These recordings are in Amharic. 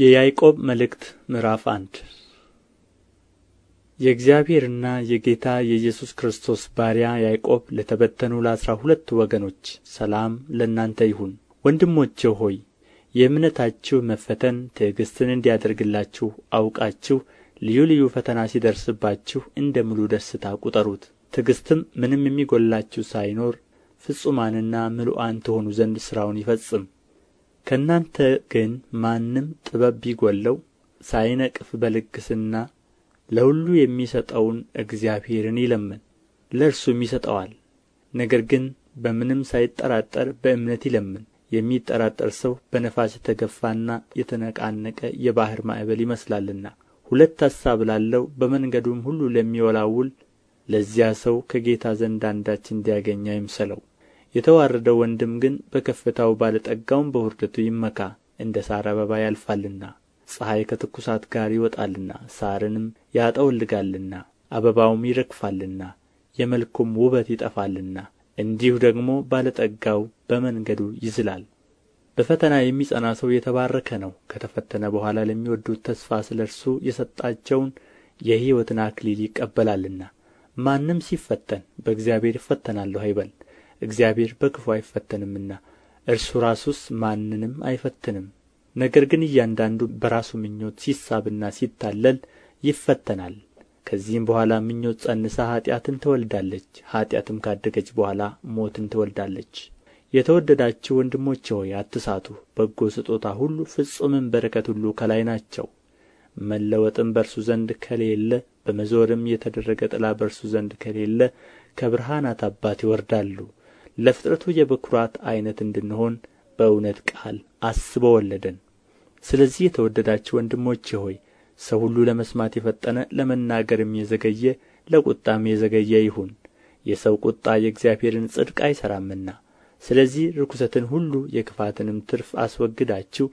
የያዕቆብ መልእክት ምዕራፍ አንድ የእግዚአብሔርና የጌታ የኢየሱስ ክርስቶስ ባሪያ ያዕቆብ ለተበተኑ ለአሥራ ሁለት ወገኖች ሰላም ለእናንተ ይሁን። ወንድሞቼ ሆይ የእምነታችሁ መፈተን ትዕግሥትን እንዲያደርግላችሁ አውቃችሁ ልዩ ልዩ ፈተና ሲደርስባችሁ እንደ ሙሉ ደስታ ቁጠሩት። ትዕግሥትም ምንም የሚጎላችሁ ሳይኖር ፍጹማንና ምሉዓን ትሆኑ ዘንድ ሥራውን ይፈጽም ከእናንተ ግን ማንም ጥበብ ቢጎድለው ሳይነቅፍ በልግስና ለሁሉ የሚሰጠውን እግዚአብሔርን ይለምን ለእርሱም ይሰጠዋል ነገር ግን በምንም ሳይጠራጠር በእምነት ይለምን የሚጠራጠር ሰው በነፋስ የተገፋና የተነቃነቀ የባሕር ማዕበል ይመስላልና ሁለት ሐሳብ ላለው በመንገዱም ሁሉ ለሚወላውል ለዚያ ሰው ከጌታ ዘንድ አንዳች እንዲያገኝ አይምሰለው የተዋረደው ወንድም ግን በከፍታው ባለ ጠጋውም በውርደቱ ይመካ እንደ ሣር አበባ ያልፋልና ፀሐይ ከትኩሳት ጋር ይወጣልና ሣርንም ያጠወልጋልና አበባውም ይረግፋልና የመልኩም ውበት ይጠፋልና እንዲሁ ደግሞ ባለ ጠጋው በመንገዱ ይዝላል። በፈተና የሚጸና ሰው የተባረከ ነው። ከተፈተነ በኋላ ለሚወዱት ተስፋ ስለ እርሱ የሰጣቸውን የሕይወትን አክሊል ይቀበላልና። ማንም ሲፈተን በእግዚአብሔር ይፈተናለሁ አይበል እግዚአብሔር በክፉ አይፈተንምና እርሱ ራሱስ ማንንም አይፈትንም ነገር ግን እያንዳንዱ በራሱ ምኞት ሲሳብና ሲታለል ይፈተናል ከዚህም በኋላ ምኞት ፀንሳ ኃጢአትን ትወልዳለች ኃጢአትም ካደገች በኋላ ሞትን ትወልዳለች የተወደዳችሁ ወንድሞቼ ሆይ አትሳቱ በጎ ስጦታ ሁሉ ፍጹምም በረከት ሁሉ ከላይ ናቸው መለወጥም በእርሱ ዘንድ ከሌለ በመዞርም የተደረገ ጥላ በእርሱ ዘንድ ከሌለ ከብርሃናት አባት ይወርዳሉ ለፍጥረቱ የበኵራት ዓይነት እንድንሆን በእውነት ቃል አስቦ ወለደን ስለዚህ የተወደዳችሁ ወንድሞቼ ሆይ ሰው ሁሉ ለመስማት የፈጠነ ለመናገርም የዘገየ ለቁጣም የዘገየ ይሁን የሰው ቁጣ የእግዚአብሔርን ጽድቅ አይሠራምና ስለዚህ ርኵሰትን ሁሉ የክፋትንም ትርፍ አስወግዳችሁ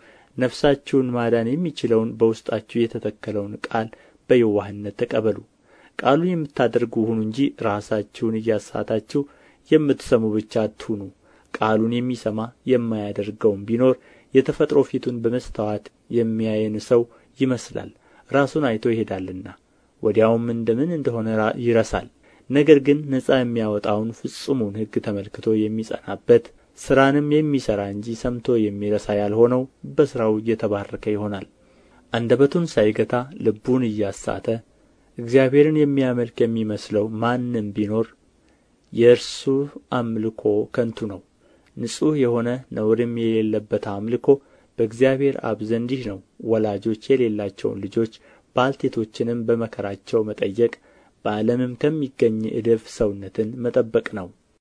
ነፍሳችሁን ማዳን የሚችለውን በውስጣችሁ የተተከለውን ቃል በየዋህነት ተቀበሉ ቃሉን የምታደርጉ ሁኑ እንጂ ራሳችሁን እያሳታችሁ የምትሰሙ ብቻ አትሁኑ ቃሉን የሚሰማ የማያደርገውም ቢኖር የተፈጥሮ ፊቱን በመስተዋት የሚያይን ሰው ይመስላል ራሱን አይቶ ይሄዳልና ወዲያውም እንደ ምን ይረሳል ነገር ግን ነጻ የሚያወጣውን ፍጹሙን ሕግ ተመልክቶ የሚጸናበት ሥራንም የሚሠራ እንጂ ሰምቶ የሚረሳ ያልሆነው በሥራው እየተባረከ ይሆናል አንደበቱን ሳይገታ ልቡን እያሳተ እግዚአብሔርን የሚያመልክ የሚመስለው ማንም ቢኖር የእርሱ አምልኮ ከንቱ ነው ንጹሕ የሆነ ነውርም የሌለበት አምልኮ በእግዚአብሔር አብ ዘንድ ይህ ነው ወላጆች የሌላቸውን ልጆች ባልቴቶችንም በመከራቸው መጠየቅ በዓለምም ከሚገኝ እድፍ ሰውነትን መጠበቅ ነው